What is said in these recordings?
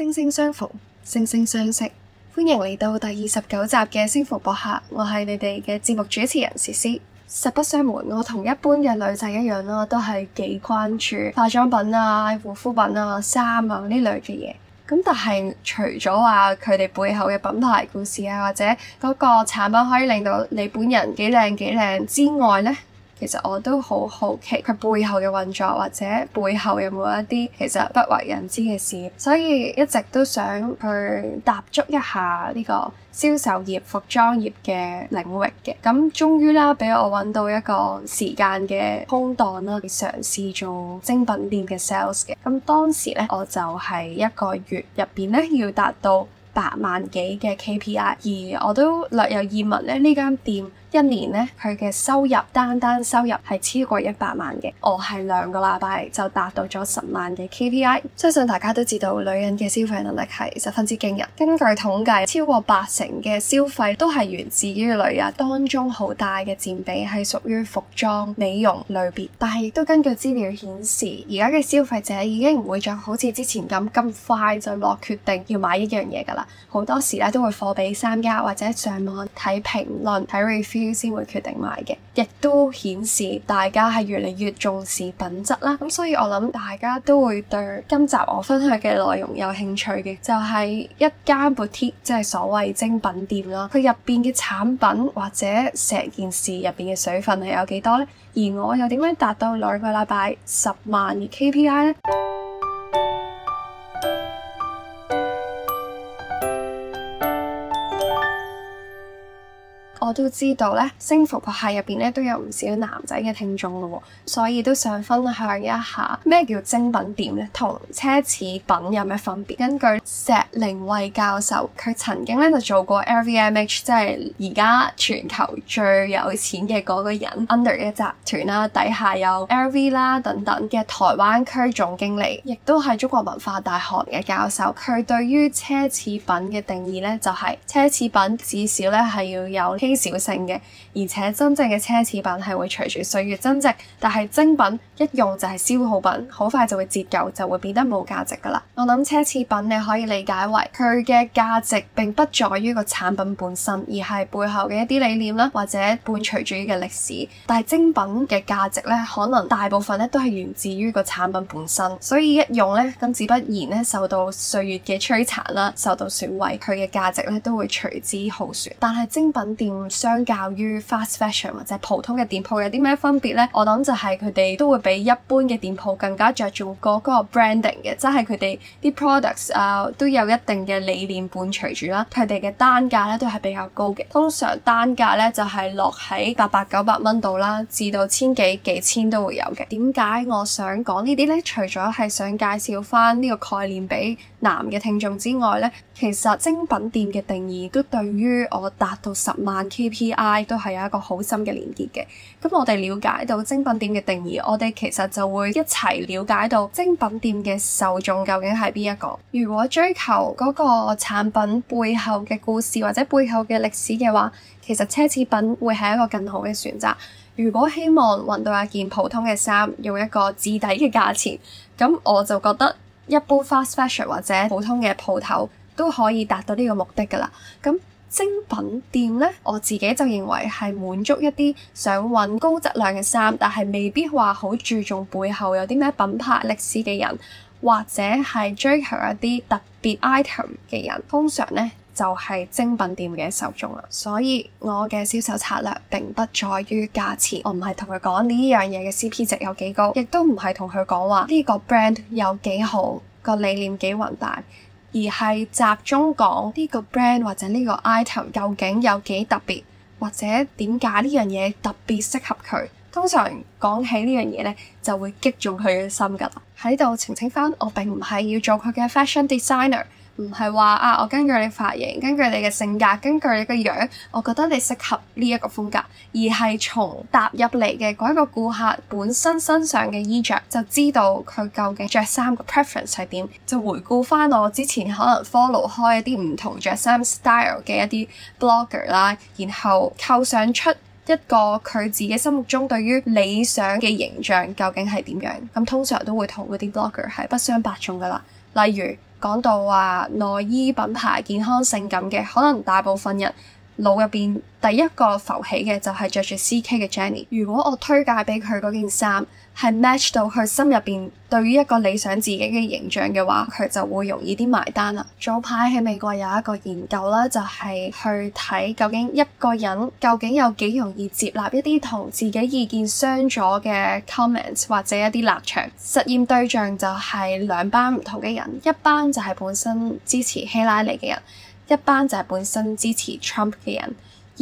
星星相逢，星星相惜。歡迎嚟到第二十九集嘅《星逢播客》，我係你哋嘅節目主持人詩詩。實不相瞞，我同一般嘅女仔一樣啦，都係幾關注化妝品啊、護膚品啊、衫啊呢類嘅嘢。咁但係除咗話佢哋背後嘅品牌故事啊，或者嗰個產品可以令到你本人幾靚幾靚之外呢。其實我都好好奇佢背後嘅運作，或者背後有冇一啲其實不為人知嘅事，所以一直都想去踏足一下呢個銷售業、服裝業嘅領域嘅。咁終於啦，俾我揾到一個時間嘅空檔啦，去嘗試做精品店嘅 sales 嘅。咁當時呢，我就係一個月入面呢要達到八萬幾嘅 KPI，而我都略有耳聞咧呢間店。一年呢，佢嘅收入單單收入係超過一百萬嘅。我係兩個禮拜就達到咗十萬嘅 KPI。相信大家都知道，女人嘅消費能力係十分之驚人。根據統計，超過八成嘅消費都係源自於女人，當中好大嘅佔比係屬於服裝、美容類別。但係亦都根據資料顯示，而家嘅消費者已經唔會再好似之前咁咁快就落決定要買一樣嘢㗎啦。好多時咧都會貨比三家，或者上網睇評論、睇 review，先會決定買嘅，亦都顯示大家係越嚟越重視品質啦。咁所以我諗大家都會對今集我分享嘅內容有興趣嘅，就係一間 boutique，即係所謂精品店啦。佢入邊嘅產品或者成件事入邊嘅水分係有幾多呢？而我又點樣達到兩個禮拜十萬嘅 KPI 呢？我都知道咧，星逢播客入邊咧都有唔少男仔嘅聽眾咯、哦，所以都想分享一下咩叫精品店咧，同奢侈品有咩分別？根據石凌慧教授，佢曾經咧就做過 LVMH，即係而家全球最有錢嘅嗰個人 under 嘅集團啦、啊，底下有 LV 啦等等嘅台灣區總經理，亦都係中國文化大學嘅教授。佢對於奢侈品嘅定義咧，就係、是、奢侈品至少咧係要有小性嘅，而且真正嘅奢侈品係會隨住歲月增值，但係精品一用就係消耗品，好快就會折舊，就會變得冇價值噶啦。我諗奢侈品你可以理解為佢嘅價值並不在於個產品本身，而係背後嘅一啲理念啦，或者伴隨住嘅歷史。但係精品嘅價值呢，可能大部分呢都係源自於個產品本身，所以一用呢，咁自不然呢，受到歲月嘅摧殘啦，受到損毀，佢嘅價值呢都會隨之耗損。但係精品店。相較於 fast fashion 或者普通嘅店鋪有啲咩分別呢？我諗就係佢哋都會比一般嘅店鋪更加着重嗰個 branding 嘅，即係佢哋啲 products 啊都有一定嘅理念伴隨住啦。佢哋嘅單價都係比較高嘅，通常單價呢就係、是、落喺八百九百蚊度啦，至到千幾幾千都會有嘅。點解我想講呢啲呢？除咗係想介紹返呢個概念，畀男嘅聽眾之外咧，其實精品店嘅定義都對於我達到十萬 KPI 都係有一個好深嘅連結嘅。咁我哋了解到精品店嘅定義，我哋其實就會一齊了解到精品店嘅受眾究竟係邊一個。如果追求嗰個產品背後嘅故事或者背後嘅歷史嘅話，其實奢侈品會係一個更好嘅選擇。如果希望揾到一件普通嘅衫，用一個至抵嘅價錢，咁我就覺得。一般 fast fashion 或者普通嘅鋪頭都可以達到呢個目的㗎啦。咁精品店咧，我自己就認為係滿足一啲想揾高質量嘅衫，但係未必話好注重背後有啲咩品牌歷史嘅人，或者係追求一啲特別 item 嘅人。通常咧，就係精品店嘅受中啦，所以我嘅銷售策略並不在於價錢，我唔係同佢講呢樣嘢嘅 CP 值有幾高，亦都唔係同佢講話呢個 brand 有幾好，個理念幾宏大，而係集中講呢、這個 brand 或者呢個 item 究竟有幾特別，或者點解呢樣嘢特別適合佢。通常講起這呢樣嘢咧，就會擊中佢嘅心㗎啦。喺度澄清返，我並唔係要做佢嘅 fashion designer。唔係話啊！我根據你髮型、根據你嘅性格、根據你嘅樣，我覺得你適合呢一個風格。而係從踏入嚟嘅嗰一個顧客本身身上嘅衣着就知道佢究竟着衫嘅 preference 係點，就回顧翻，我之前可能 follow 開一啲唔同着衫 style 嘅一啲 blogger 啦，然後構想出，一個佢自己心目中對於理想嘅形象究竟係點樣？咁通常都會同嗰啲 blogger 係不相伯仲㗎喇。例如講到話內衣品牌健康性感嘅，可能大部分人腦入面第一個浮起嘅就係著住 CK 嘅 Jenny。如果我推介俾佢嗰件衫，係 match 到佢心入邊對於一個理想自己嘅形象嘅話，佢就會容易啲埋單啦。早排喺美國有一個研究啦，就係去睇究竟一個人究竟有幾容易接納一啲同自己意見相左嘅 comments 或者一啲立場。實驗對象就係兩班唔同嘅人，一班就係本身支持希拉里嘅人，一班就係本身支持 Trump 嘅人。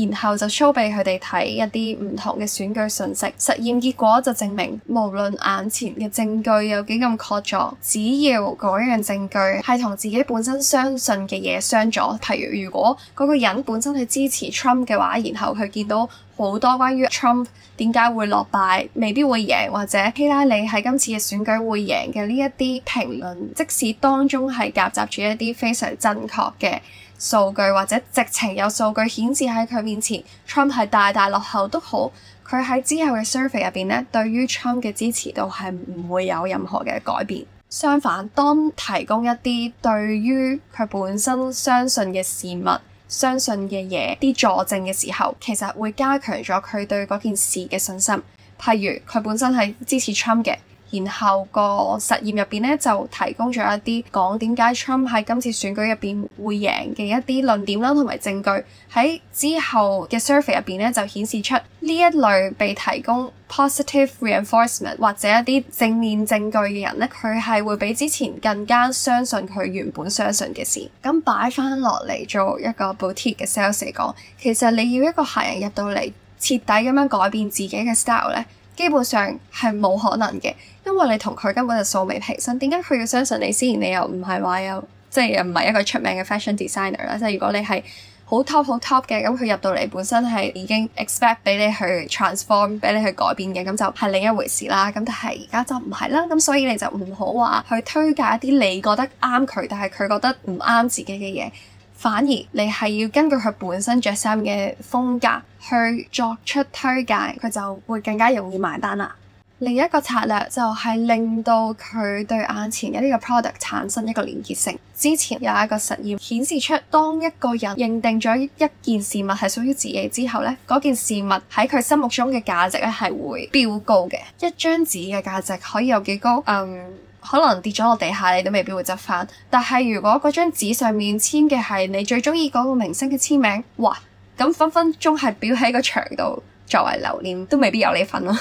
然後就 show 俾佢哋睇一啲唔同嘅選舉信息。實驗結果就證明，無論眼前嘅證據有幾咁確鑿，只要嗰一樣證據係同自己本身相信嘅嘢相左，譬如如果嗰個人本身係支持 Trump 嘅話，然後佢見到好多關於 Trump 點解會落敗，未必會贏，或者希拉里喺今次嘅選舉會贏嘅呢一啲評論，即使當中係夾雜住一啲非常正確嘅。數據或者直情有數據顯示喺佢面前，Trump 係大大落後都好，佢喺之後嘅 survey 入邊咧，對於 Trump 嘅支持度係唔會有任何嘅改變。相反，當提供一啲對於佢本身相信嘅事物、相信嘅嘢啲佐證嘅時候，其實會加強咗佢對嗰件事嘅信心。譬如佢本身係支持 Trump 嘅。然後個實驗入邊咧，就提供咗一啲講點解 Trump 喺今次選舉入邊會贏嘅一啲論點啦，同埋證據。喺之後嘅 survey 入邊咧，就顯示出呢一類被提供 positive reinforcement 或者一啲正面證據嘅人咧，佢係會比之前更加相信佢原本相信嘅事。咁擺翻落嚟做一個 boutique 嘅 sales 嚟講，其實你要一個客人入到嚟，徹底咁樣改變自己嘅 style 咧。基本上係冇可能嘅，因為你同佢根本就素昧平生。點解佢要相信你先？雖然你又唔係話有，即係又唔係一個出名嘅 fashion designer 啦。即係如果你係好 top 好 top 嘅，咁佢入到嚟本身係已經 expect 俾你去 transform 俾你去改變嘅，咁就係另一回事啦。咁但係而家就唔係啦。咁所以你就唔好話去推介一啲你覺得啱佢，但係佢覺得唔啱自己嘅嘢。反而你係要根據佢本身着衫嘅風格去作出推介，佢就會更加容易買單啦。另一個策略就係令到佢對眼前嘅呢個 product 產生一個連結性。之前有一個實驗顯示出，當一個人認定咗一件事物係屬於自己之後，呢嗰件事物喺佢心目中嘅價值咧係會飆高嘅。一張紙嘅價值可以有幾高？嗯，um。可能跌咗落地下，你都未必會執翻。但係如果嗰張紙上面簽嘅係你最中意嗰個明星嘅簽名，哇！咁分分鐘係裱喺個牆度作為留念，都未必有你份咯、啊。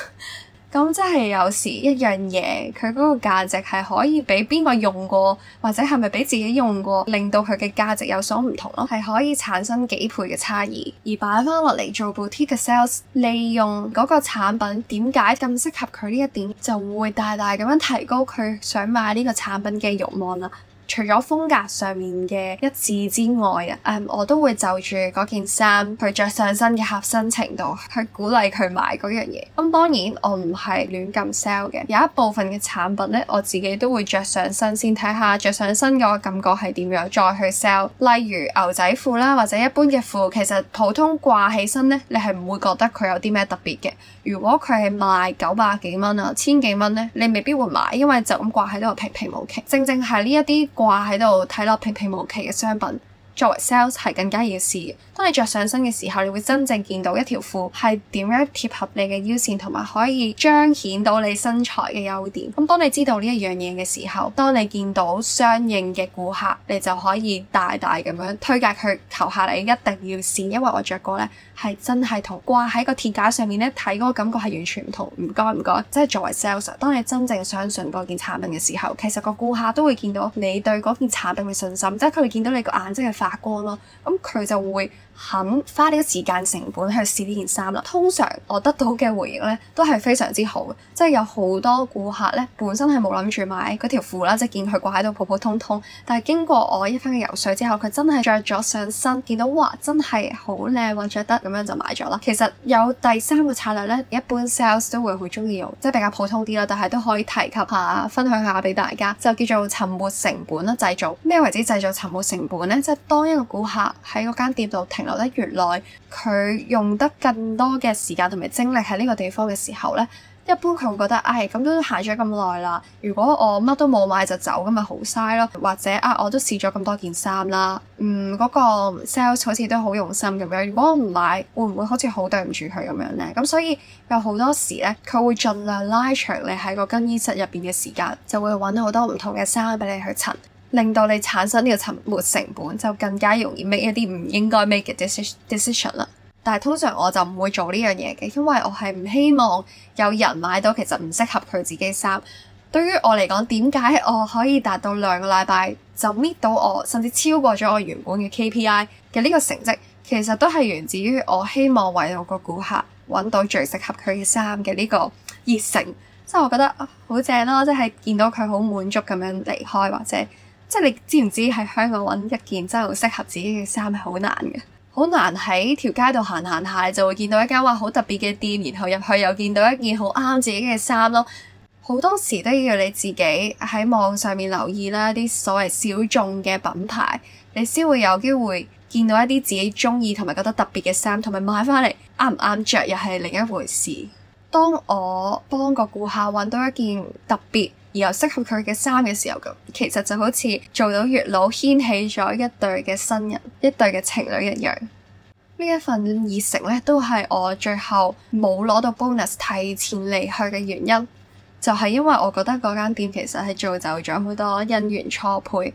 咁真係有時一樣嘢，佢嗰個價值係可以俾邊個用過，或者係咪俾自己用過，令到佢嘅價值有所唔同咯，係可以產生幾倍嘅差異。而擺返落嚟做 boutique sales，利用嗰個產品點解咁適合佢呢一點，就會大大咁樣提高佢想買呢個產品嘅慾望啦。除咗風格上面嘅一致之外啊、嗯，我都會就住嗰件衫佢着上身嘅合身程度去鼓勵佢買嗰樣嘢。咁、嗯、當然我唔係亂咁 sell 嘅，有一部分嘅產品呢，我自己都會着上身先，睇下着上身嗰個感覺係點樣，再去 sell。例如牛仔褲啦，或者一般嘅褲，其實普通掛起身呢，你係唔會覺得佢有啲咩特別嘅。如果佢係賣九百幾蚊啊，千幾蚊呢，你未必會買，因為就咁掛喺度平平無奇。正正係呢一掛喺度睇落平平無奇嘅商品。作為 sales 係更加要試嘅。當你着上身嘅時候，你會真正見到一條褲係點樣貼合你嘅腰線，同埋可以彰顯到你身材嘅優點。咁當你知道呢一樣嘢嘅時候，當你見到相應嘅顧客，你就可以大大咁樣推介佢，求下你一定要試，因為我着過咧，係真係同掛喺個鐵架上面咧睇嗰個感覺係完全唔同。唔該唔該，即係作為 sales，當你真正相信嗰件產品嘅時候，其實個顧客都會見到你對嗰件產品嘅信心，即係佢哋見到你個眼睛係發。打光咯，咁佢就會。肯花啲時間成本去試呢件衫啦。通常我得到嘅回應呢，都係非常之好嘅，即係有好多顧客呢，本身係冇諗住買嗰條褲啦，即係見佢掛喺度普普通通，但係經過我一番嘅游說之後，佢真係着咗上身，見到，哇，真係好靚或者得咁樣就買咗啦。其實有第三個策略呢，一般 sales 都會好中意用，即係比較普通啲啦，但係都可以提及下分享下俾大家，就叫做沉沒成本啦。製造咩為止製造沉沒成本呢？即係當一個顧客喺嗰間店度停。原來佢用得更多嘅時間同埋精力喺呢個地方嘅時候呢一般佢會覺得，唉、哎，咁都行咗咁耐啦，如果我乜都冇買就走，咁咪好嘥咯。或者啊，我都試咗咁多件衫啦，嗯，嗰、那個 sales 好似都好用心咁樣。如果我唔買，會唔會好似好對唔住佢咁樣呢？咁所以有好多時呢，佢會盡量拉長你喺個更衣室入邊嘅時間，就會揾好多唔同嘅衫俾你去襯。令到你產生呢個沉沒成本，就更加容易 make 一啲唔應該 make 嘅 decision 啦。但係通常我就唔會做呢樣嘢嘅，因為我係唔希望有人買到其實唔適合佢自己衫。對於我嚟講，點解我可以達到兩個禮拜就搣到我，甚至超過咗我原本嘅 KPI 嘅呢個成績，其實都係源自於我希望為我個顧客揾到最適合佢嘅衫嘅呢個熱誠。即係我覺得啊好正咯，即係見到佢好滿足咁樣離開，或者。即係你知唔知喺香港揾一件真係好適合自己嘅衫係好難嘅，好難喺條街度行行下就會見到一間話好特別嘅店，然後入去又見到一件好啱自己嘅衫咯。好多時都要你自己喺網上面留意啦，啲所謂小眾嘅品牌，你先會有機會見到一啲自己中意同埋覺得特別嘅衫，同埋買翻嚟啱唔啱着又係另一回事。當我幫個顧客揾到一件特別。而又適合佢嘅衫嘅時候咁，其實就好似做到月老牽起咗一對嘅新人，一對嘅情侶一樣。呢一份熱誠咧，都係我最後冇攞到 bonus 提前離去嘅原因，就係因為我覺得嗰間店其實係造就咗好多姻緣錯配。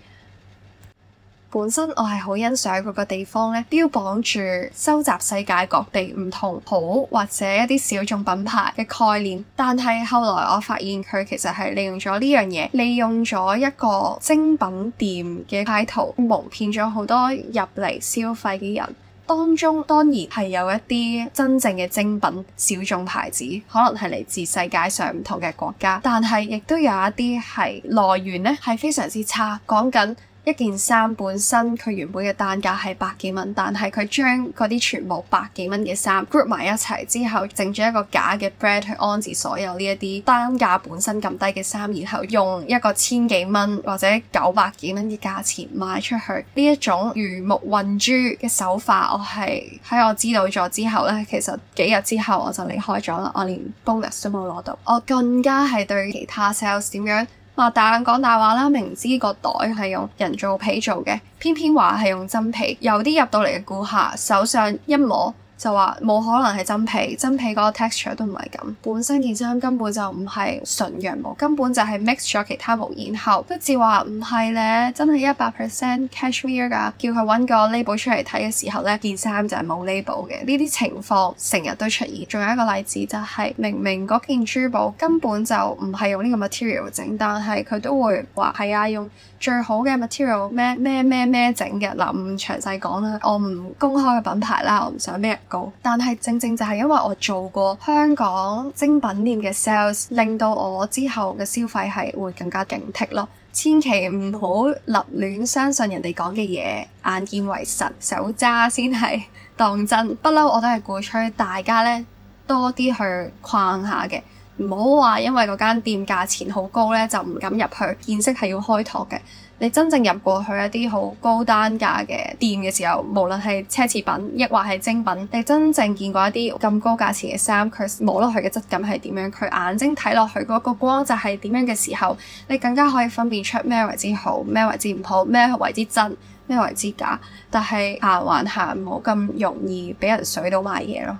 本身我係好欣賞嗰個地方呢，標榜住收集世界各地唔同好或者一啲小眾品牌嘅概念。但係後來我發現佢其實係利用咗呢樣嘢，利用咗一個精品店嘅派頭，蒙騙咗好多入嚟消費嘅人。當中當然係有一啲真正嘅精品小眾牌子，可能係嚟自世界上唔同嘅國家。但係亦都有一啲係來源呢，係非常之差，講緊。一件衫本身，佢原本嘅單價係百幾蚊，但係佢將嗰啲全部百幾蚊嘅衫 group 埋一齊之後，整咗一個假嘅 brand 去安置所有呢一啲單價本身咁低嘅衫，然後用一個千幾蚊或者九百幾蚊嘅價錢賣出去。呢一種魚目混珠嘅手法，我係喺我知道咗之後咧，其實幾日之後我就離開咗啦，我連 bonus 都冇攞到。我更加係對其他 sales 點樣？擘大眼講大話啦！明知個袋係用人造皮做嘅，偏偏話係用真皮。有啲入到嚟嘅顧客手上一摸，就話冇可能係真皮，真皮嗰個 texture 都唔係咁。本身件衫根本就唔係純羊毛，根本就係 mix 咗其他毛。然後都不至話唔係咧，真係一百 percent cashmere 㗎。叫佢揾個 label 出嚟睇嘅時候咧，件衫就係冇 label 嘅。呢啲情況成日都出現。仲有一個例子就係、是、明明嗰件珠寶根本就唔係用呢個 material 整，但係佢都會話係啊，用最好嘅 material 咩咩咩咩整嘅。嗱，唔詳細講啦，我唔公開嘅品牌啦，我唔想咩。但係正正就係因為我做過香港精品店嘅 sales，令到我之後嘅消費係會更加警惕咯。千祈唔好立亂相信人哋講嘅嘢，眼見為實，手揸先係當真。不嬲我都係鼓吹大家咧多啲去逛下嘅，唔好話因為嗰間店價錢好高咧就唔敢入去，見識係要開拓嘅。你真正入過去一啲好高單價嘅店嘅時候，無論係奢侈品，亦或係精品，你真正見過一啲咁高價錢嘅衫，佢摸落去嘅質感係點樣，佢眼睛睇落去嗰個光就係點樣嘅時候，你更加可以分辨出咩為之好，咩為之唔好，咩為之真，咩為之假。但係行行下唔好咁容易俾人水到賣嘢咯。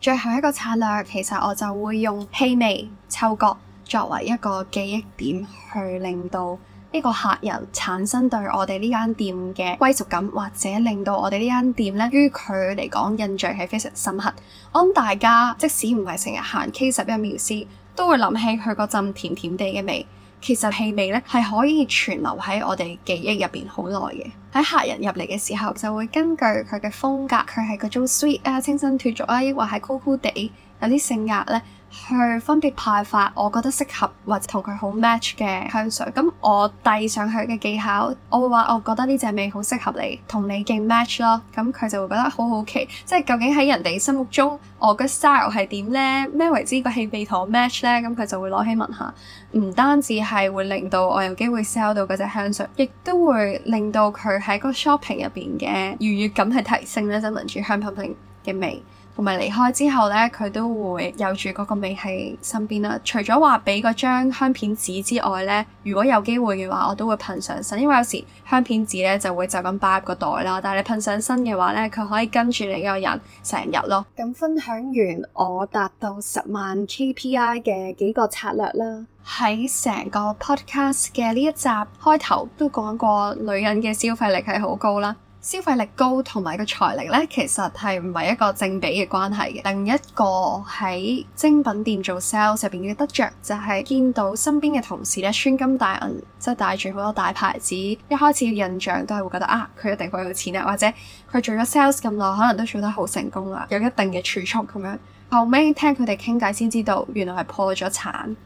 最後一個策略其實我就會用氣味、嗅覺作為一個記憶點去令到呢個客人產生對我哋呢間店嘅歸屬感，或者令到我哋呢間店咧，於佢嚟講印象係非常深刻。我諗大家即使唔係成日行 K11 妙思，都會諗起佢嗰陣甜甜地嘅味道。其實氣味咧係可以存留喺我哋記憶入面好耐嘅。喺客人入嚟嘅時候，就會根據佢嘅風格，佢係嗰種 sweet 啊，清新脫俗啊，抑或係酷酷地有啲性格咧。去分別派發，我覺得適合或者同佢好 match 嘅香水。咁我遞上去嘅技巧，我會話我覺得呢隻味好適合你，同你嘅 match 咯。咁佢就會覺得好好奇，即係究竟喺人哋心目中我個 style 係點咧？咩為之個氣味同我 match 咧？咁佢就會攞起聞下，唔單止係會令到我有機會 sell 到嗰隻香水，亦都會令到佢喺個 shopping 入邊嘅愉悅感係提升咧。真係聞住香噴噴嘅味。同埋離開之後呢，佢都會有住嗰個味喺身邊啦。除咗話俾嗰張香片紙之外呢，如果有機會嘅話，我都會噴上身，因為有時香片紙呢就會就咁包入個袋啦。但係你噴上身嘅話呢佢可以跟住你個人成日咯。咁分享完我達到十萬 KPI 嘅幾個策略啦，喺成個 Podcast 嘅呢一集開頭都講過，女人嘅消費力係好高啦。消費力高同埋個財力咧，其實係唔係一個正比嘅關係嘅？另一個喺精品店做 sales 上嘅得着，就係、是、見到身邊嘅同事咧穿金戴銀，即係戴住好多大牌子。一開始嘅印象都係會覺得啊，佢一定好有錢啊，或者佢做咗 sales 咁耐，可能都做得好成功啦，有一定嘅儲蓄咁樣。後尾聽佢哋傾偈先知道，原來係破咗產。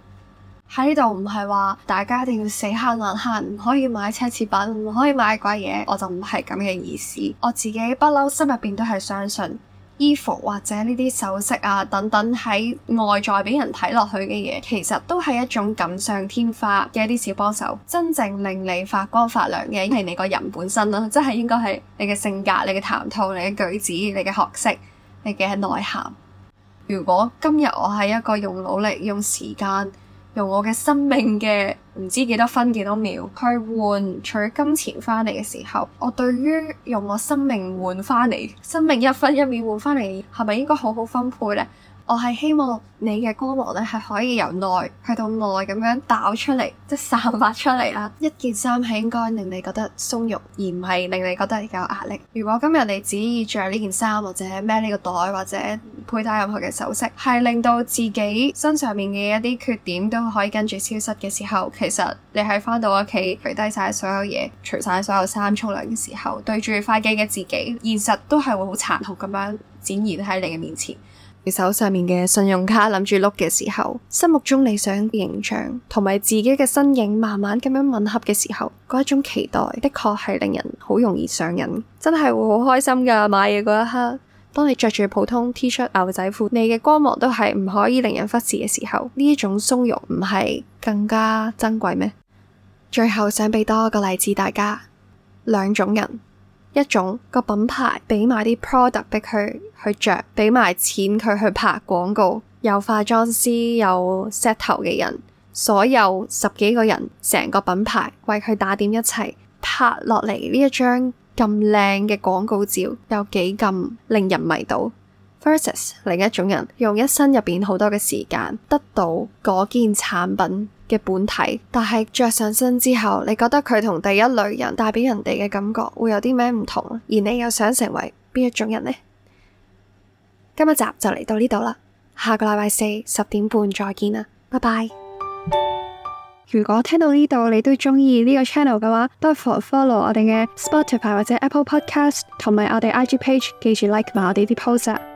喺呢度唔係話大家一定要死慳爛慳，唔可以買奢侈品，唔可以買貴嘢，我就唔係咁嘅意思。我自己不嬲，心入邊都係相信衣服或者呢啲首飾啊等等，喺外在畀人睇落去嘅嘢，其實都係一種錦上添花嘅一啲小幫手。真正令你發光發亮嘅，係你個人本身啦，啊，即係應該係你嘅性格、你嘅談吐、你嘅舉止、你嘅學識、你嘅內涵。如果今日我係一個用努力、用時間，用我嘅生命嘅唔知幾多分幾多秒去換取金錢翻嚟嘅時候，我對於用我生命換翻嚟，生命一分一秒換翻嚟，係咪應該好好分配咧？我係希望你嘅光芒咧，係可以由內去到外咁樣攪出嚟，即係散發出嚟 一件衫係應該令你覺得鬆肉，而唔係令你覺得有壓力。如果今日你只係著呢件衫，或者孭呢個袋，或者佩戴任何嘅首飾，係令到自己身上面嘅一啲缺點都可以跟住消失嘅時候，其實你喺返到屋企除低曬所有嘢，除晒所有衫沖涼嘅時候，對住塊鏡嘅自己，現實都係會好殘酷咁樣展現喺你嘅面前。手上面嘅信用卡諗住碌嘅時候，心目中理想形象同埋自己嘅身影慢慢咁樣吻合嘅時候，嗰一種期待的確係令人好容易上癮，真係會好開心㗎，買嘢嗰一刻，當你着住普通 T 恤牛仔褲，你嘅光芒都係唔可以令人忽視嘅時候，呢一種鬆肉唔係更加珍貴咩？ 最後想俾多一個例子大家，兩種人。一種個品牌畀埋啲 product 畀佢去着，畀埋錢佢去拍廣告，有化妝師，有 set 頭嘅人，所有十幾個人，成個品牌為佢打點一齊拍落嚟呢一張咁靚嘅廣告照，有幾咁令人迷倒。Versus 另一種人，用一生入邊好多嘅時間得到嗰件產品嘅本體，但係着上身之後，你覺得佢同第一類人帶畀人哋嘅感覺會有啲咩唔同？而你又想成為邊一種人呢？今日集就嚟到呢度啦，下個禮拜四十點半再見啊，拜拜 bye！如果聽到呢度你都中意呢個 channel 嘅話，不妨 follow 我哋嘅 Spotify 或者 Apple Podcast，同埋我哋 IG page，記住 like 埋我哋啲 poster，啊。